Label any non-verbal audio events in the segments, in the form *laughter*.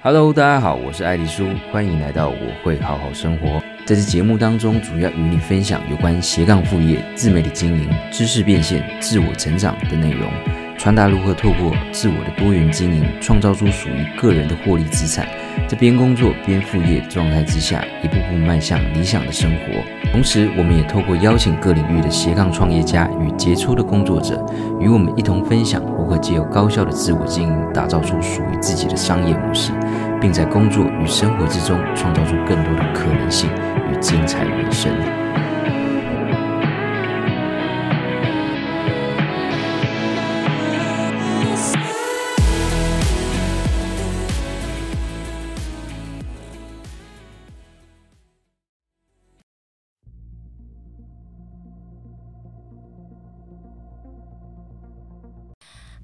Hello，大家好，我是愛麗舒，歡迎來到我會好好生活。在這節目當中，主要與你分享有關斜槓副業、自媒體經營、知識變現、自我成長的內容，傳達如何透過自我的多元經營，創造出屬於個人的獲利資產。在邊工作邊副業狀態之下，一步步邁向理想的生活。同時，我們也透過邀請各領域的斜槓創業家與傑出的工作者，與我們一同分享如何借由高效的自我經營，打造出屬於自己的商業模式，並在工作與生活之中創造出更多的可能性與精彩人生。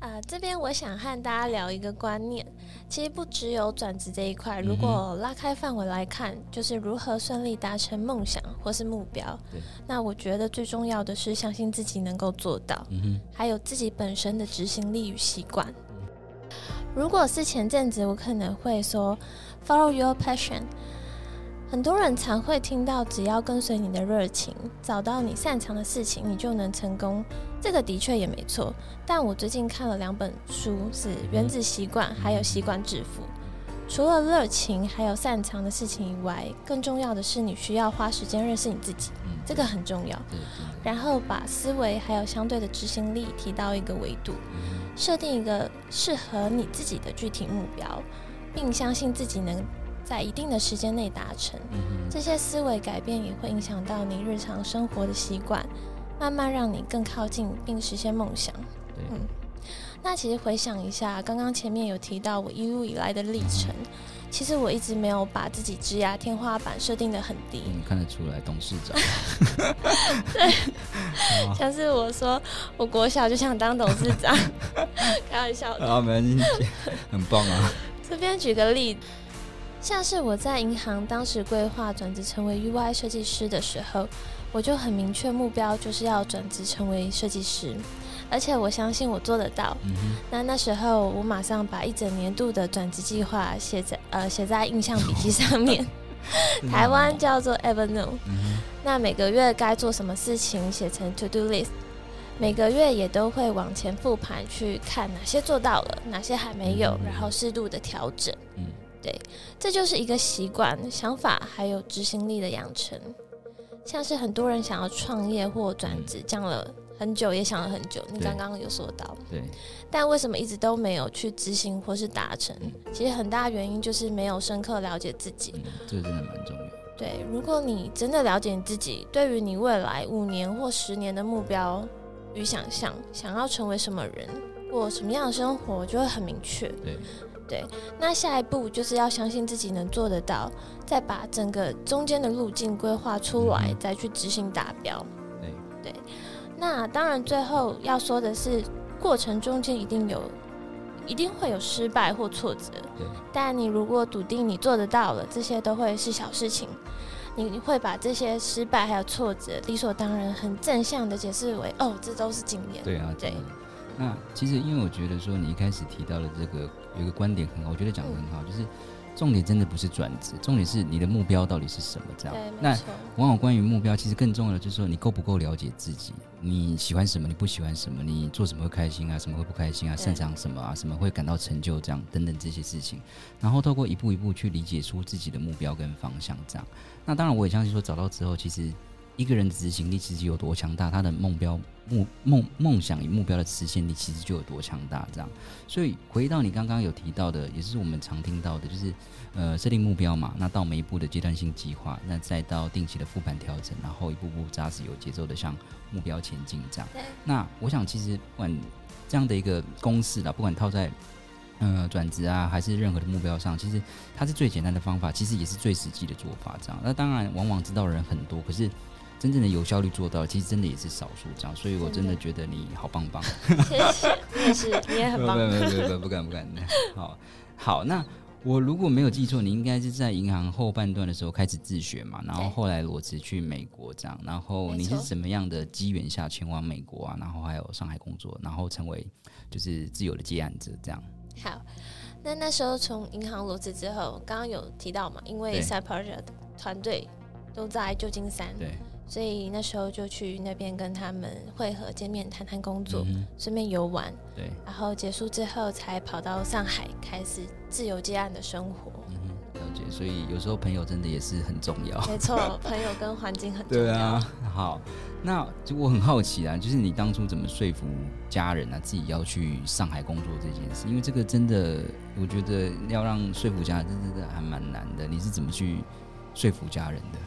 啊、呃，這邊我想和大家聊一個觀念，其實不只有轉職這一塊，嗯、哼如果拉開範圍來看，就是如何順利達成夢想或是目標。對那我覺得最重要的是相信自己能夠做到，嗯、哼還有自己本身的執行力與習慣。如果是前陣子，我可能會說，follow your passion。很多人常會聽到，只要跟隨你的熱情，找到你擅長的事情，你就能成功。這個的確也沒錯。但我最近看了兩本書，是《原子習慣》還有《習慣致富》。除了熱情還有擅長的事情以外，更重要的是，你需要花時間認識你自己，這個很重要。然後把思維還有相對的執行力提到一個維度，設定一個適合你自己的具體目標，並相信自己能。在一定的時間內達成，嗯、哼這些思維改變也會影響到你日常生活的習慣，慢慢讓你更靠近並實現夢想。對，嗯，那其實回想一下，剛剛前面有提到我一路以來的歷程，嗯、哼其實我一直沒有把自己職業天花板設定得很低、嗯。看得出來，董事長。 *laughs* *laughs* 對，哦、像是我說，我國小就想當董事長， *laughs* 開玩笑的。啊，沒關係，很棒啊。 *laughs* 這邊舉個例像是我在銀行當時規劃轉職成為 UI 設計師的時候，我就很明確目標，就是要轉職成為設計師，而且我相信我做得到。嗯、哼那那時候我馬上把一整年度的轉職計劃寫在呃寫在印象筆記上面， *laughs* 台灣叫做 Evernote、嗯、哼那每個月該做什麼事情寫成 To Do List，每個月也都會往前復盤去看哪些做到了，哪些還沒有，嗯、哼然後適度的調整。對，這就是一個習慣、想法還有執行力的養成。像是很多人想要創業或轉職，講、嗯、了很久，也想了很久。對你剛剛有說到，對。但為什麼一直都沒有去執行或是達成？嗯、其實很大原因就是沒有深刻了解自己。嗯、這個真的蠻重要。對，如果你真的了解你自己，對於你未來五年或十年的目標與想象，想要成為什麼人，過什麼樣的生活，就會很明確。對。對，那下一步就是要相信自己能做得到，再把整個中間的路徑規劃出來，嗯、再去執行達標。嗯、對，那當然最後要說的是，過程中間一定有，一定會有失敗或挫折。對，但你如果篤定你做得到了，這些都會是小事情。你你會把這些失敗還有挫折，理所當然很正向的解釋為，哦，這都是經驗。對啊，對。那其實，因為我覺得說，你一開始提到的這個有一個觀點很好，我覺得講得很好，嗯、就是重點真的不是轉職，重點是你的目標到底是什麼這樣。那往往關於目標，其實更重要的就是說，你夠不夠了解自己？你喜歡什麼？你不喜歡什麼？你做什麼會開心啊？什麼會不開心啊？對擅長什麼啊？什麼會感到成就這樣等等這些事情，然後透過一步一步去理解出自己的目標跟方向這樣。那當然，我也相信說，找到之後其實。一個人的執行力其實有多強大，他的目標、目夢夢想與目標的實現力其實就有多強大，這樣。所以回到你剛剛有提到的，也是我們常聽到的，就是呃，設定目標嘛，那到每一步的階段性計劃，那再到定期的復盤調整，然後一步步扎實有節奏的向目標前進，這樣。對那我想，其實不管這樣的一個公式啦，不管套在嗯轉職啊，還是任何的目標上，其實它是最簡單的方法，其實也是最實際的做法，這樣。那當然，往往知道的人很多，可是。真正的有效率做到，其實真的也是少數，這樣，所以我真的覺得你好棒棒。的 *laughs* 謝謝，你也是，你也很棒。沒有沒有沒有，不敢不敢。 *laughs* 好好，那我如果沒有記錯，你應該是在銀行後半段的時候開始自學嘛，然後後來裸辭去美國這樣，然後你是什麼樣的機緣下前往美國啊？然後還有上海工作，然後成為就是自由的接案子這樣。好，那那時候從銀行裸辭之後，剛剛有提到嘛，因為 Side Project 團隊都在舊金山，對。所以那時候就去那邊跟他們會合見面談談工作，嗯哼，順便遊玩。對，然後結束之後才跑到上海開始自由接案的生活。嗯哼，了解。所以有時候朋友真的也是很重要。沒錯，朋友跟環境很重要。 *laughs* 對啊，好。那就我很好奇啊，就是你當初怎麼說服家人啊，自己要去上海工作這件事？因為這個真的，我覺得要讓說服家人真的還蠻難的。你是怎麼去說服家人的？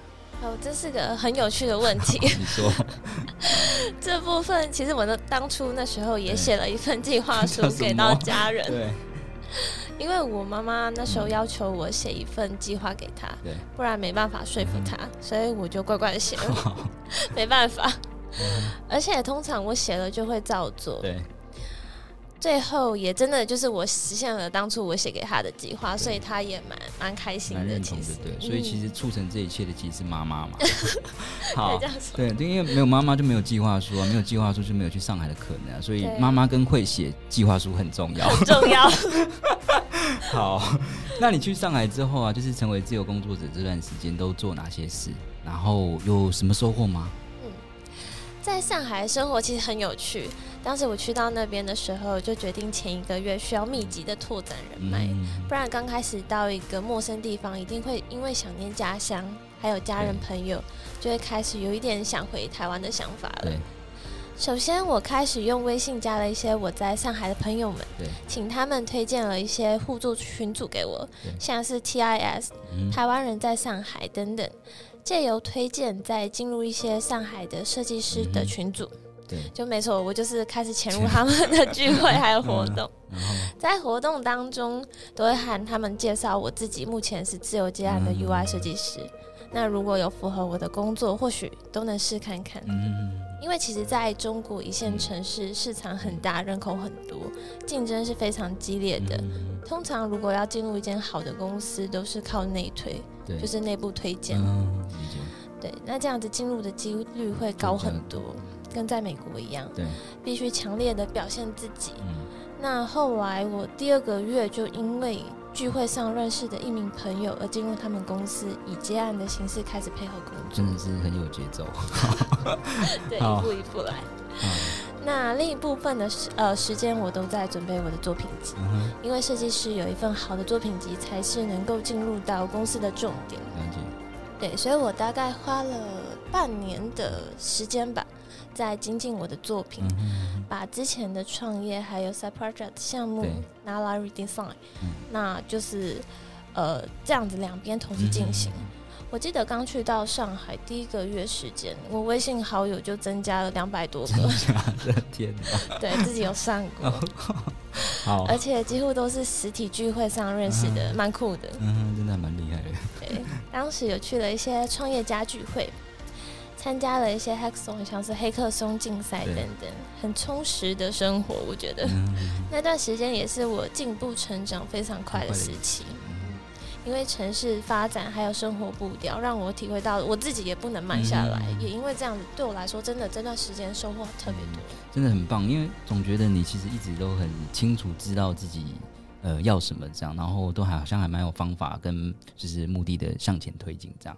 哦，這是個很有趣的問題。 *laughs* 你說 *laughs* 這部分其實我的當初那時候也寫了一份計劃書給到家人，因為我媽媽那時候要求我寫一份計劃給她，對不然沒辦法說服她。嗯、哼所以我就乖乖的寫， *laughs* 沒辦法。嗯、而且通常我寫了就會照做。最後也真的就是我實現了當初我寫給他的計劃，對所以他也蠻蠻開心的。蠻認同的對對，嗯、所以其實促成這一切的其實是媽媽嘛。 *laughs* 好對，對，因為沒有媽媽就沒有計劃書，啊，沒有計劃書就沒有去上海的可能，啊，所以媽媽跟會寫計劃書很重要。啊、很重要。 *laughs* 好，那你去上海之後啊，就是成為自由工作者這段時間都做哪些事？然後有什麼收穫嗎？在上海生活其實很有趣。當時我去到那邊的時候，就決定前一個月需要密集的拓展人脈，嗯、不然剛開始到一個陌生地方，一定會因為想念家鄉還有家人朋友，對就會開始有一點想回台灣的想法了。對首先，我開始用微信加了一些我在上海的朋友們，對請他們推薦了一些互助群組給我，對像是 TIS、嗯、台灣人在上海等等。借由推薦，再進入一些上海的設計師的群組，嗯、對，就沒錯。我就是開始潛入他們的聚會還有活動，嗯嗯、在活動當中都會喊他們介紹我自己。目前是自由接案的 UI 設計師，嗯、哼那如果有符合我的工作，或許都能試看看。嗯、哼因為其實在中國一線城市市場很大，嗯、哼人口很多，競爭是非常激烈的。嗯通常如果要進入一間好的公司，都是靠內推，對就是內部推薦嗯，對，那這樣子進入的幾率會高很多，跟在美國一樣。對，必須強烈的表現自己。嗯，那後來我第二個月就因為聚會上認識的一名朋友而進入他們公司，以接案的形式開始配合工作。真的是很有節奏。 *laughs* 對，好一步一步來。那另一部分的時呃時間，我都在準備我的作品集，嗯、哼因為設計師有一份好的作品集，才是能夠進入到公司的重點。嗯、哼對，所以我大概花了半年的時間吧，在精進我的作品，嗯、哼把之前的創業還有 side project 項目拿來 redesign，那就是呃這樣子兩邊同時進行。嗯我記得剛去到上海第一個月時間，我微信好友就增加了兩百多個。我天哪！對自己有算過 *laughs* 、啊、而且幾乎都是實體聚會上認識的，蠻、啊、酷的。嗯，真的還蠻厲害的。對，當時有去了一些創業家聚會，參加了一些 Hacksong，像是黑客松競賽等等，對很充實的生活。我覺得、嗯嗯、那段時間也是我進步成長非常快的時期。因為城市發展還有生活步調，讓我體會到我自己也不能慢下來。嗯，也因為這樣子，對我來說，真的這段時間收穫特別多，嗯，真的很棒。因為總覺得你其實一直都很清楚知道自己呃要什麼，這樣，然後都還好像還蠻有方法，跟就是目的的向前推進這樣。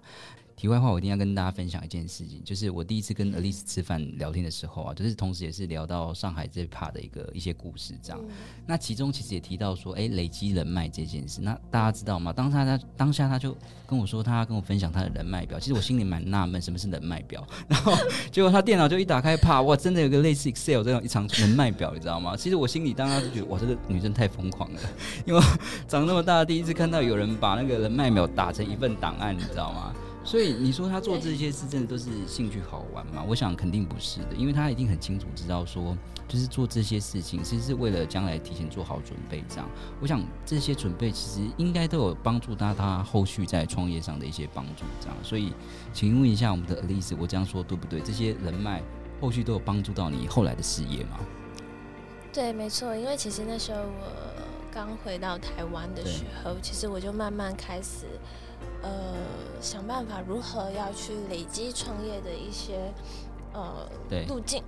題外話，我一定要跟大家分享一件事情，就是我第一次跟 Elise 吃飯聊天的時候啊，就是同時也是聊到上海這 part 的一個一些故事這樣。嗯、那其中其實也提到說，哎、欸，累積人脈這件事。那大家知道嗎？當他，他當下，他就跟我說他，他要跟我分享他的人脈表。其實我心裡蠻納悶，什麼是人脈表？然後結果他電腦就一打開，啪哇，真的有個類似 Excel 這樣一張人脈表，你知道嗎？其實我心裡當時就覺得，哇，這個女生太瘋狂了，因為長那麼大，第一次看到有人把那個人脈表打成一份檔案，你知道嗎？所以你說他做這些事真的都是興趣好玩嗎？嗯、我想肯定不是的，因為他一定很清楚知道說，就是做這些事情其實是為了將來提前做好準備。這樣，我想這些準備其實應該都有幫助到他後續在創業上的一些幫助。這樣，所以，請問一下我們的 Elise，我這樣說對不對？這些人脈後續都有幫助到你後來的事業嗎？對，沒錯。因為其實那時候我剛回到台灣的時候，對其實我就慢慢開始。呃，想辦法如何要去累積創業的一些呃對路徑。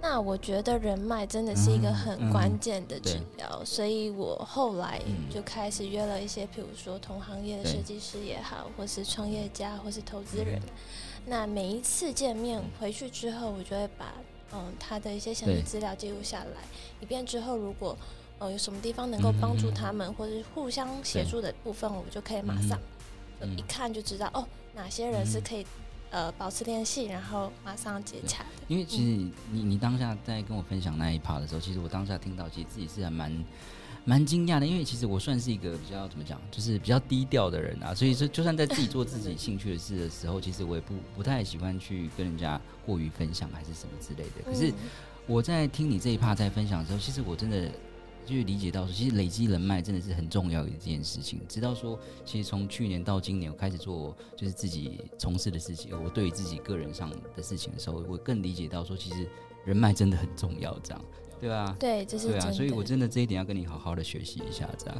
那我覺得人脈真的是一個很關鍵的指標，嗯嗯、所以我後來就開始約了一些，比如說同行業的設計師也好，對或是創業家，或是投資人。嗯、那每一次見面、嗯、回去之後，我就會把嗯他的一些詳細資料記錄下來，對以便之後如果呃有什麼地方能夠幫助他們，嗯嗯嗯、或是互相協助的部分，對我就可以馬上。嗯、一看就知道哦，哪些人是可以、嗯、呃保持聯繫，然後馬上結洽。因為其實你、嗯、你當下在跟我分享那一趴的時候，其實我當下聽到，其實自己是還蠻蠻驚訝的。因為其實我算是一個比較怎麼講，就是比較低調的人啊，所以說就算在自己做自己興趣的事的時候，是的 其實我也不不太喜歡去跟人家過於分享還是什麼之類的。可是我在聽你這一趴在分享的時候，其實我真的。就是理解到說，其實累積人脈真的是很重要的一件事情。直到說，其實從去年到今年，我開始做就是自己從事的事情，我對於自己個人上的事情的時候，我更理解到說，其實人脈真的很重要。這樣，對啊，對，就是對啊。所以，我真的這一點要跟你好好的學習一下。這樣，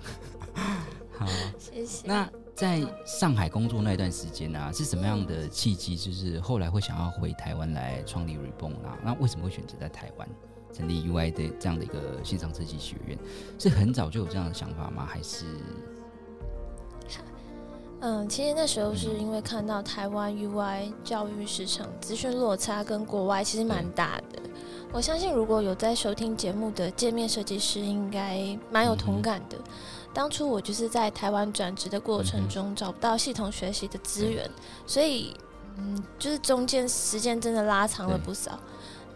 好，謝謝。那在上海工作那一段時間呢啊，是什麼樣的契機？就是後來會想要回台灣來創立 Reborn 啊？那為什麼會選擇在台灣？成立 UI 的這樣的一個線上設計學院，是很早就有這樣的想法嗎？還是？嗯，其實那時候是因為看到台灣 UI 教育市場資訊落差跟國外其實蠻大的。對我相信如果有在收聽節目的界面設計師，應該蠻有同感的。嗯、哼當初我就是在台灣轉職的過程中找不到系統學習的資源，嗯、哼所以嗯，就是中間時間真的拉長了不少。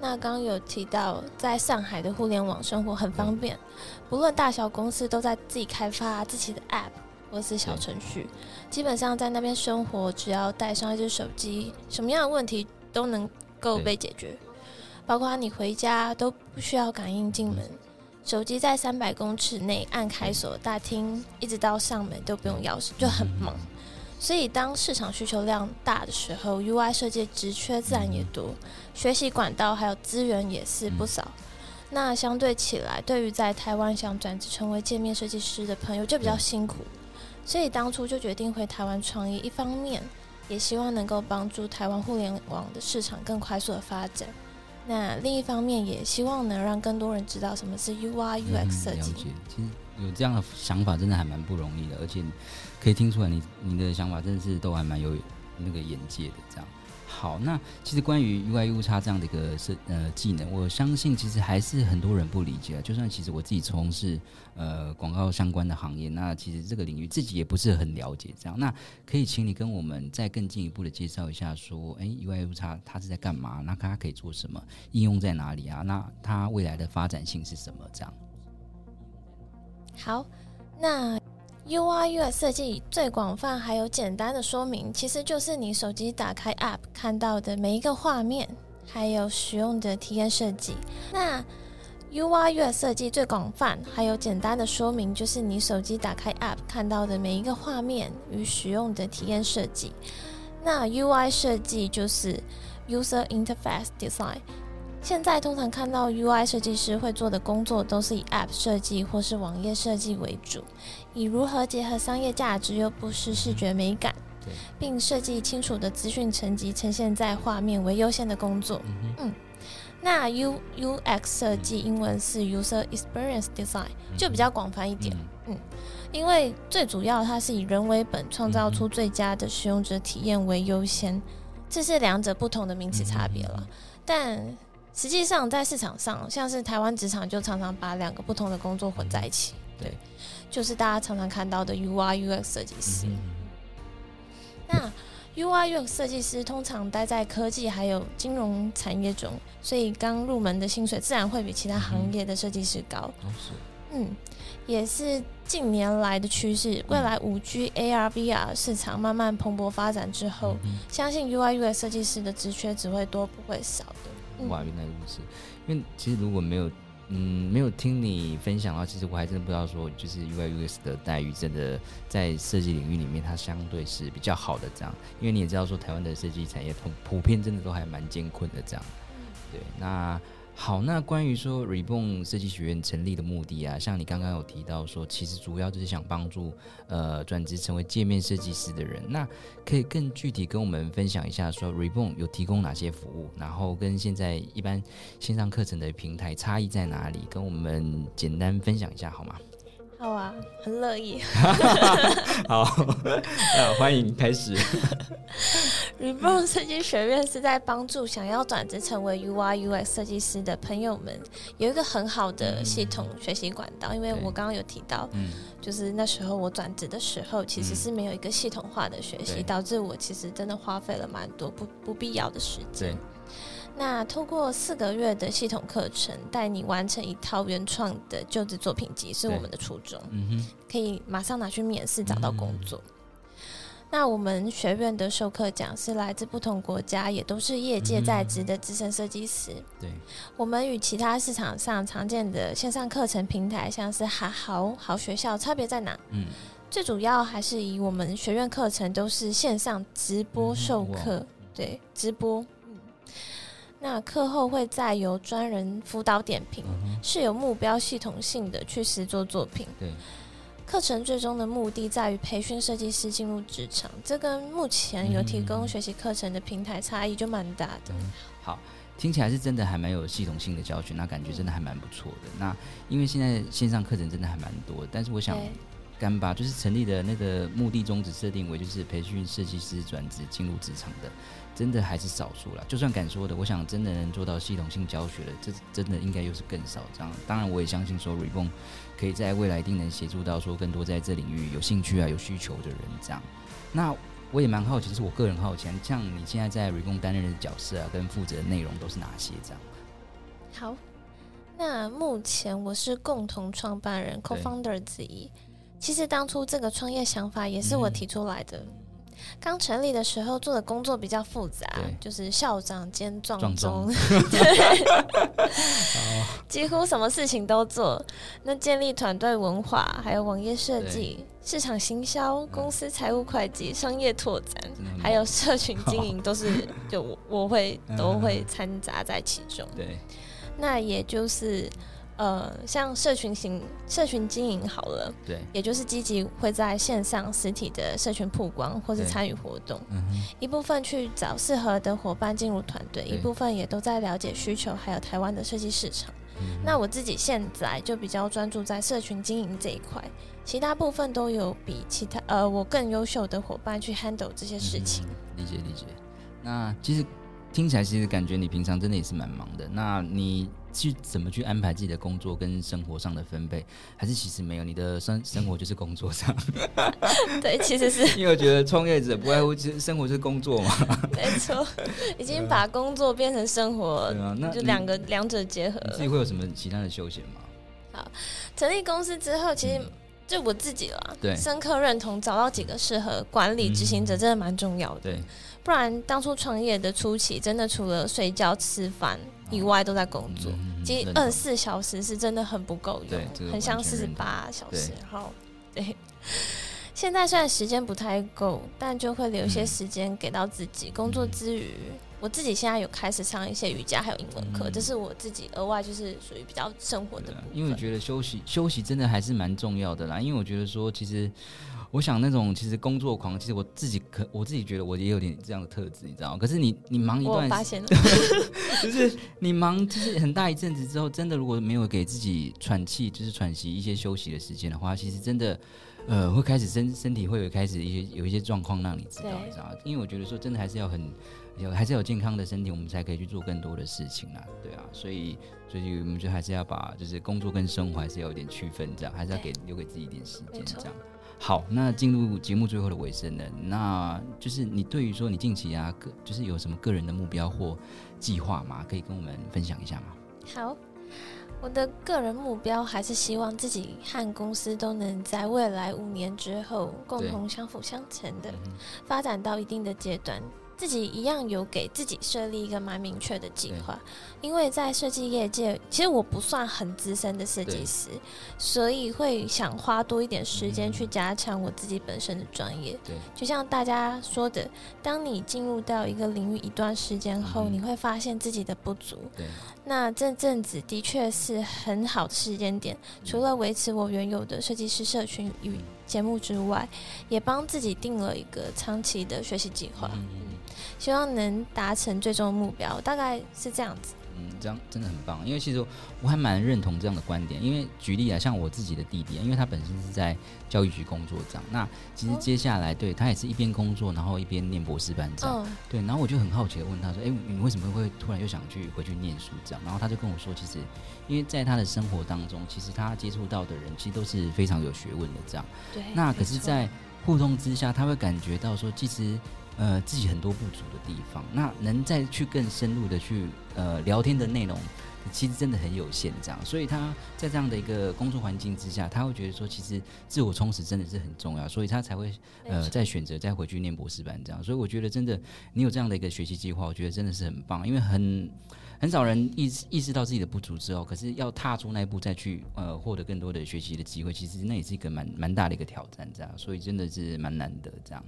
那剛有提到，在上海的互聯網生活很方便，嗯、不論大小公司都在自己開發自己的 App 或是小程序。對基本上在那邊生活，只要帶上一隻手機，什麼樣的問題都能夠被解決。對包括你回家都不需要感應進門，對手機在三百公尺內按開鎖、嗯、大廳，一直到上門都不用鑰匙，嗯、就很忙。所以，當市場需求量大的時候，UI 設計職缺自然也多，學習管道還有資源也是不少。那相對起來，對於在台灣想轉職成為界面設計師的朋友，就比較辛苦。所以當初就決定回台灣創業，一方面也希望能夠幫助台灣互聯網的市場更快速的發展。那另一方面，也希望能讓更多人知道什麼是 UI、UX 設計。嗯、了解。其實有這樣的想法，真的還蠻不容易的，而且。可以聽出來你，你你的想法真的是都還蠻有那個眼界的。這樣，好，那其實關於 UIUX 這樣的一個設、呃技能，我相信其實還是很多人不理解啊。就算其實我自己從事呃廣告相關的行業，那其實這個領域自己也不是很了解。這樣，那可以請你跟我們再更進一步的介紹一下，說，誒、欸、UIUX 它是在幹嘛？那它可以做什麼？應用在哪裡啊？那它未來的發展性是什麼？這樣。好，那。UI UI 設計最廣泛，還有簡單的說明，其實就是你手機打開 App 看到的每一個畫面，還有使用的體驗設計。那 UI UI 設計最廣泛，還有簡單的說明，就是你手機打開 App 看到的每一個畫面與使用的體驗設計。那 UI 設計就是 User Interface Design。現在通常看到 UI 設計師會做的工作都是以 App 設計或是網頁設計為主，以如何結合商業價值又不失視覺美感，並設計清楚的資訊層級呈現在畫面為優先的工作。嗯，那 U UX 設計英文是 User Experience Design，就比較廣泛一點。嗯，因為最主要它是以人為本，創造出最佳的使用者體驗為優先，這是兩者不同的名詞差別了，但。實際上，在市場上，像是台灣職場就常常把兩個不同的工作混在一起。對，對，就是大家常常看到的 UI UX 設計師。嗯嗯嗯，那 UI UX 設計師通常待在科技還有金融產業中，所以剛入門的薪水自然會比其他行業的設計師高。嗯，嗯，也是近年來的趨勢。未來 5G AR VR 市場慢慢蓬勃發展之後，嗯嗯，相信 UI UX 設計師的職缺只會多不會少。哇，原來如此！因為其實如果沒有，嗯，沒有聽你分享的話，其實我還真的不知道說，就是 UI UX 的待遇真的在設計領域裡面，它相對是比較好的這樣。因為你也知道說，台灣的設計產業通普遍真的都還蠻艱困的這樣。嗯、對，那。好，那關於說 Reborn 設計學院成立的目的啊，像你剛剛有提到說，其實主要就是想幫助呃轉職成為界面設計師的人。那可以更具體跟我們分享一下，說 Reborn 有提供哪些服務，然後跟現在一般線上課程的平台差異在哪裡，跟我們簡單分享一下好嗎？好啊，oh, 很樂意。 *laughs* 好，那、 *laughs* 啊、歡迎開始。 *laughs* Reborn 設計學院是在幫助想要轉職成為 UI UX 設計師的朋友們有一個很好的系統學習管道，嗯嗯、因為我剛剛有提到，對就是那時候我轉職的時候、嗯、其實是沒有一個系統化的學習，對導致我其實真的花費了蠻多不不必要的時間。那通過四個月的系統課程，帶你完成一套原創的就職作品集是我們的初衷。嗯、可以馬上拿去面試，找到工作。嗯、那我們學院的授課講師來自不同國家，也都是業界在職的資深設計師，嗯。對，我們與其他市場上常見的線上課程平台，像是 Hahow 好學校，差別在哪？嗯，最主要還是以我們學院課程都是線上直播授課，嗯、對，直播。那課後會再由專人輔導點評，嗯、哼是有目標系統性的去實做作，作品。對，課程最終的目的在於培訓設計師進入職場，這跟、個、目前有提供學習課程的平台差異就蠻大的、嗯嗯。好，聽起來是真的還蠻有系統性的教學，那感覺真的還蠻不錯的。嗯、那因為現在線上課程真的還蠻多，但是我想干巴就是成立的那個目的宗旨設定為就是培訓設計師轉職進入職場的。真的還是少數了。就算敢說的，我想真的能做到系統性教學的，這真的應該又是更少。這樣，當然我也相信說 Reborn 可以在未來一定能協助到說更多在這領域有興趣啊、有需求的人。這樣，那我也蠻好奇，是我個人好奇，像你現在在 Reborn 擔任的角色啊，跟負責的內容都是哪些？這樣。好，那目前我是共同創辦人對 Co-founder 之一。其實當初這個創業想法也是我提出來的。嗯剛成立的時候做的工作比較複雜，就是校長兼撞鐘，對，幾乎什麼事情都做。那建立團隊文化，還有網頁設計、市場行銷、公司財務會計、商業拓展，還有社群經營，都是就我我會都會摻雜在其中。對，那也就是。呃，像社群型社群經營好了，對，也就是積極會在線上、實體的社群曝光，或是參與活動，嗯、一部分去找適合的夥伴進入團隊，對一部分也都在了解需求，還有台灣的設計市場。嗯、哼那我自己現在就比較專注在社群經營這一塊，其他部分都有比其他呃我更優秀的夥伴去 handle 這些事情。嗯、理解理解，那其實聽起來其實感覺你平常真的也是蠻忙的，那你。去怎麼去安排自己的工作跟生活上的分配，還是其實沒有你的生生活就是工作上？ *laughs* 對，其實是 *laughs* 因為我覺得創業者不外乎其實生活就是工作嘛。沒錯，已經把工作變成生活了了。那就兩個兩者結合了。你自己會有什麼其他的休閒嗎？好，成立公司之後，其實。就我自己了，對深刻認同，找到幾個適合管理執行者真的蠻重要的。嗯、不然當初創業的初期，真的除了睡覺吃飯以外都在工作，其實二十四小時是真的很不夠用，這個，很像四十八小時。對好，對，現在雖然時間不太夠，但就會留一些時間給到自己，工作之餘。嗯嗯我自己現在有開始上一些瑜伽，還有英文課，嗯、這是我自己額外就是屬於比較生活的。因為我覺得休息休息真的還是蠻重要的啦。因為我覺得說，其實我想那種其實工作狂，其實我自己可我自己覺得我也有點這樣的特質，你知道嗎？可是你你忙一段時間，我發現了， *laughs* *laughs* 就是你忙就是很大一陣子之後，真的如果沒有給自己喘氣，就是喘息一些休息的時間的話，其實真的呃會開始身身體會有開始一些有一些狀況讓你知道，對你知道嗎？因為我覺得說，真的還是要很。有還是有健康的身體，我們才可以去做更多的事情啊。對啊，所以所以我們就還是要把就是工作跟生活還是要有一點區分，這樣，還是要給對留給自己一點時間，這樣。錯好，那進入節目最後的尾聲呢，那就是你對於說你近期啊，個就是有什麼個人的目標或計劃嗎？可以跟我們分享一下嗎？好，我的個人目標還是希望自己和公司都能在未來五年之後共同相輔相成的對發展到一定的階段。自己一樣有給自己設立一個蠻明確的計劃，對因為在設計業界，其實我不算很資深的設計師，對所以會想花多一點時間去加強我自己本身的專業。對就像大家說的，當你進入到一個領域一段時間後，對你會發現自己的不足。對那這陣子的確是很好的時間點，除了維持我原有的設計師社群與節目之外，也幫自己定了一個長期的學習計劃。希望能達成最終目標，大概是這樣子。嗯，這樣真的很棒，因為其實我，我還蠻認同這樣的觀點。因為舉例啊，像我自己的弟弟啊，因為他本身是在教育局工作這樣。那其實接下來、哦、對他也是一邊工作，然後一邊唸博士班這樣。哦、對，然後我就很好奇地問他說：“哎、欸，你為什麼會突然又想去回去唸書這樣？”然後他就跟我說：“其實，因為在他的生活當中，其實他接觸到的人其實都是非常有學問的這樣。對。那可是，在互動之下，沒錯。他會感覺到說，其實。”呃，自己很多不足的地方，那能再去更深入的去呃聊天的內容，其實真的很有限這樣。所以他在這樣的一個工作環境之下，他會覺得說，其實自我充實真的是很重要，所以他才會呃再選擇再回去念博士班這樣。所以我覺得真的，你有這樣的一個學習計劃，我覺得真的是很棒，因為很很少人意意識到自己的不足之後，可是要踏出那一步再去呃獲得更多的學習的機會，其實那也是一個蠻蠻大的一個挑戰這樣。所以真的是蠻難得這樣。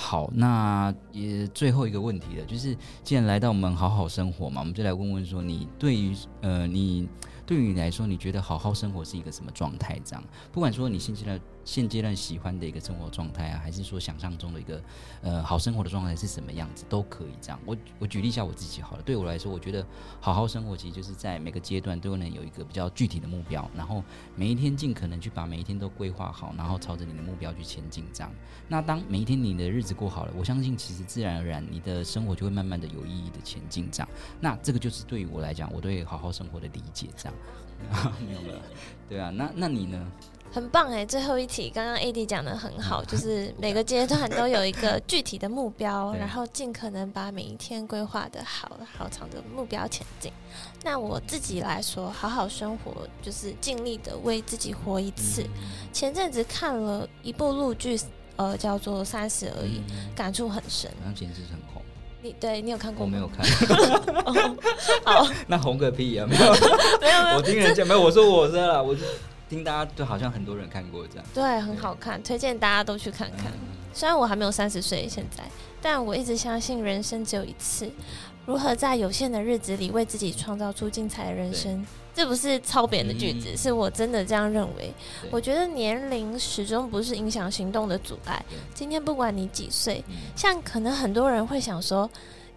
好，那也最後一個問題了，就是既然來到我們好好生活嘛，我們就來問問說，你對於呃，你對於你來說，你覺得好好生活是一個什麼狀態？這樣，不管說你現階段。現階段喜歡的一個生活狀態啊，還是說想象中的一個呃好生活的狀態是什麼樣子都可以。這樣，我我舉例一下我自己好了。對我來說，我覺得好好生活其實就是在每個階段都能有一個比較具體的目標，然後每一天盡可能去把每一天都規劃好，然後朝着你的目標去前進。這樣，那當每一天你的日子過好了，我相信其實自然而然你的生活就會慢慢的有意義的前進。這樣，那這個就是對於我來講我對好好生活的理解。這樣，沒、啊、 *laughs* 有沒有， *laughs* 對啊，那那你呢？很棒哎，最後一題，剛剛 AD 講得很好，就是每個階段都有一個具體的目標，然後盡可能把每一天規劃的好好長的目標前進。那我自己來說，好好生活就是盡力的為自己活一次。前陣子看了一部陸劇，呃，叫做《三十而已》，感觸很深。那前陣很紅。你對你有看過嗎？我沒有看過。好。那紅個屁啊！沒有沒有。我聽人講沒有，我說我說了，我。聽大家就好像很多人看過這樣，對，很好看，對推薦大家都去看看。嗯、雖然我還沒有三十歲，現在，但我一直相信人生只有一次，如何在有限的日子裡為自己創造出精彩的人生，對這不是超扁的句子，嗯、是我真的這樣認為。對我覺得年齡始終不是影響行動的阻礙。對今天不管你幾歲，嗯、像可能很多人會想說，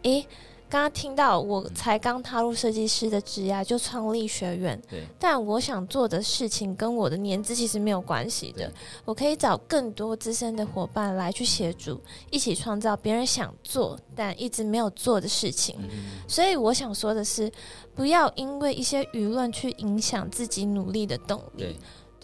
誒、欸。剛剛聽到，我才剛踏入設計師的職涯就創立學院，對但我想做的事情跟我的年紀其實沒有關係的。對我可以找更多資深的伙伴來去協助，一起創造別人想做但一直沒有做的事情。嗯嗯所以我想說的是，不要因為一些輿論去影響自己努力的動力。對，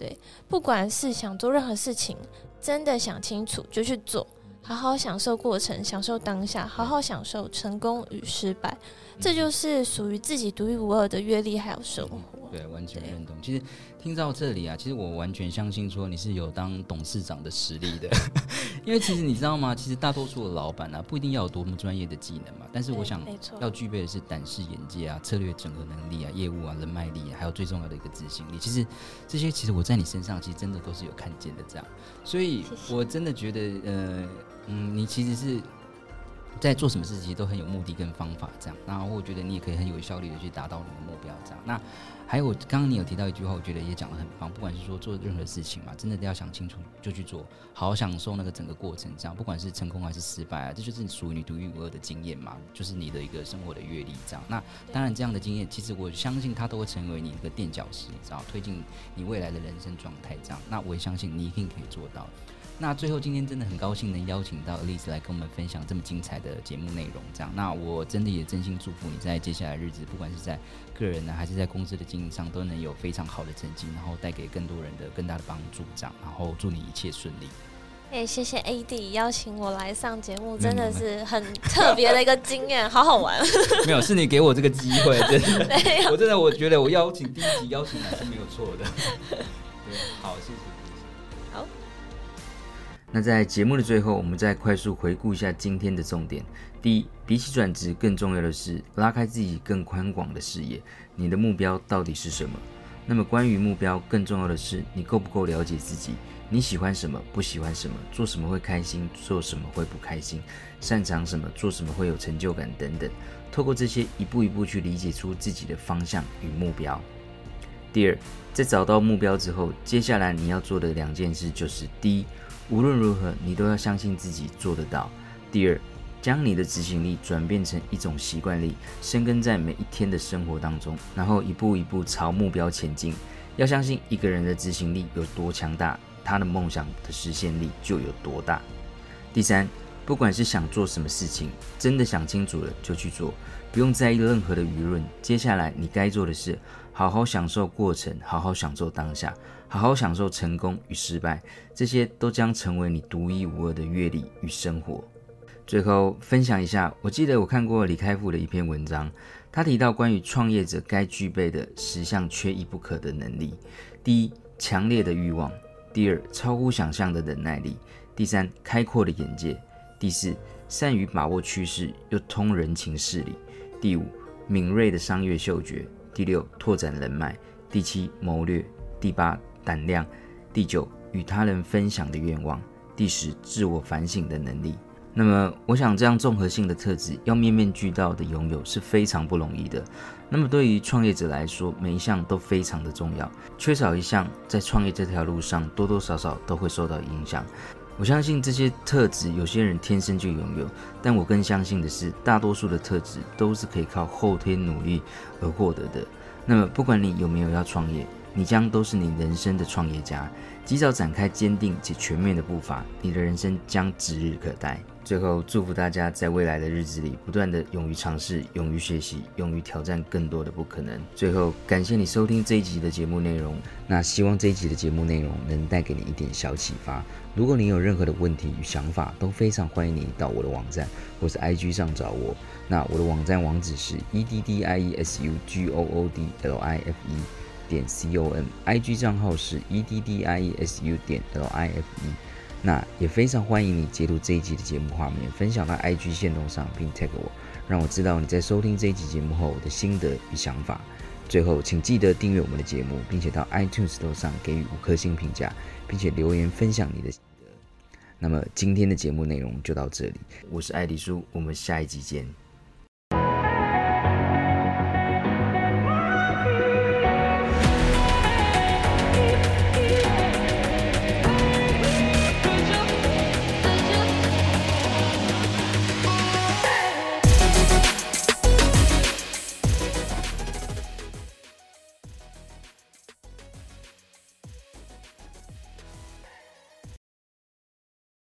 對，不管是想做任何事情，真的想清楚就去做。好好享受過程，享受當下，好好享受成功與失敗，這就是屬於自己獨一無二的閱歷，還有生活。對，完全認同。其實聽到這裡啊，其實我完全相信說你是有當董事長的實力的， *laughs* 因為其實你知道嗎？其實大多數的老闆啊，不一定要有多麼專業的技能嘛，但是我想要具備的是膽識、眼界啊、策略整合能力啊、業務啊、人脈力啊，還有最重要的一個執行力。其實這些其實我在你身上其實真的都是有看見的，這樣，所以我真的覺得呃嗯，你其實是。在做什麼事情都很有目的跟方法，這樣，那我覺得你也可以很有效率的去達到你的目標，這樣。那還有剛剛你有提到一句話，我覺得也講得很棒，不管是說做任何事情嘛，真的都要想清楚就去做，好好享受那個整個過程，這樣。不管是成功還是失敗啊，這就是屬於你獨一無二的經驗嘛，就是你的一個生活的閱歷，這樣。那當然這樣的經驗，其實我相信它都會成為你一個墊腳石，你知道，推進你未來的人生狀態，這樣。那我也相信你一定可以做到。那最後，今天真的很高興能邀請到 Elise 來跟我們分享這麼精彩的節目內容。這樣，那我真的也真心祝福你在接下來的日子，不管是在個人呢、啊，還是在公司的經營上，都能有非常好的成績，然後帶給更多人的更大的幫助。這樣，然後祝你一切順利。哎、欸，謝謝 AD 邀請我來上節目，嗯、真的是很特別的一個經驗， *laughs* 好好玩。 *laughs* 沒有，是你給我這個機會，真的。 *laughs* 沒有我真的，我覺得我邀請第一集邀請你是沒有錯的。對，好，謝謝。那在節目的最後，我們再快速回顧一下今天的重點。第一，比起轉職更重要的是，拉開自己更寬廣的視野。你的目標到底是什麼？那麼關於目標，更重要的是你夠不夠了解自己？你喜歡什麼？不喜歡什麼？做什麼會開心？做什麼會不開心？擅長什麼？做什麼會有成就感？等等。透過這些一步一步去理解出自己的方向與目標。第二，在找到目標之後，接下來你要做的兩件事就是第一。無論如何，你都要相信自己做得到。第二，將你的執行力轉變成一種習慣力，深耕在每一天的生活當中，然後一步一步朝目標前進。要相信一個人的執行力有多強大，他的夢想的實現力就有多大。第三。不管是想做什麼事情，真的想清楚了就去做，不用在意任何的輿論。接下來你該做的事，好好享受過程，好好享受當下，好好享受成功與失敗，這些都將成為你獨一無二的閱歷與生活。最後分享一下，我記得我看過李開復的一篇文章，他提到關於創業者該具備的十項缺一不可的能力：第一，強烈的慾望；第二，超乎想象的忍耐力；第三，開闊的眼界。第四，善於把握趨勢，又通人情事理；第五，敏銳的商業嗅覺；第六，拓展人脈；第七，謀略；第八，膽量；第九，與他人分享的願望；第十，自我反省的能力。那麼，我想這樣綜合性的特質，要面面俱到的擁有是非常不容易的。那麼，對於創業者來說，每一項都非常的重要，缺少一項，在創業這條路上，多多少少都會受到影響。我相信這些特質，有些人天生就擁有，但我更相信的是，大多數的特質都是可以靠後天努力而獲得的。那麼，不管你有沒有要創業，你將都是你人生的創業家。及早展開堅定且全面的步伐，你的人生將指日可待。最後，祝福大家在未來的日子裡，不斷地勇於嘗試，勇於學習，勇於挑戰更多的不可能。最後，感謝你收聽這一集的節目內容。那希望這一集的節目內容能帶給你一點小啟發。如果你有任何的問題與想法，都非常歡迎你到我的網站或是 IG 上找我。那我的網站網址是 e d d i e s u g o o d l i f e。點 com，i g 賬號是 e d d i e s u 點 l i f e，那也非常歡迎你截圖這一集的節目畫面，分享到 i g 線路上，並 tag 我，讓我知道你在收聽這一集節目後的心得與想法。最後，請記得訂閱我們的節目，並且到 iTunes Store 上給予五顆星評價，並且留言分享你的心得。那麼，今天的節目內容就到這裡，我是艾迪叔，我們下一集見。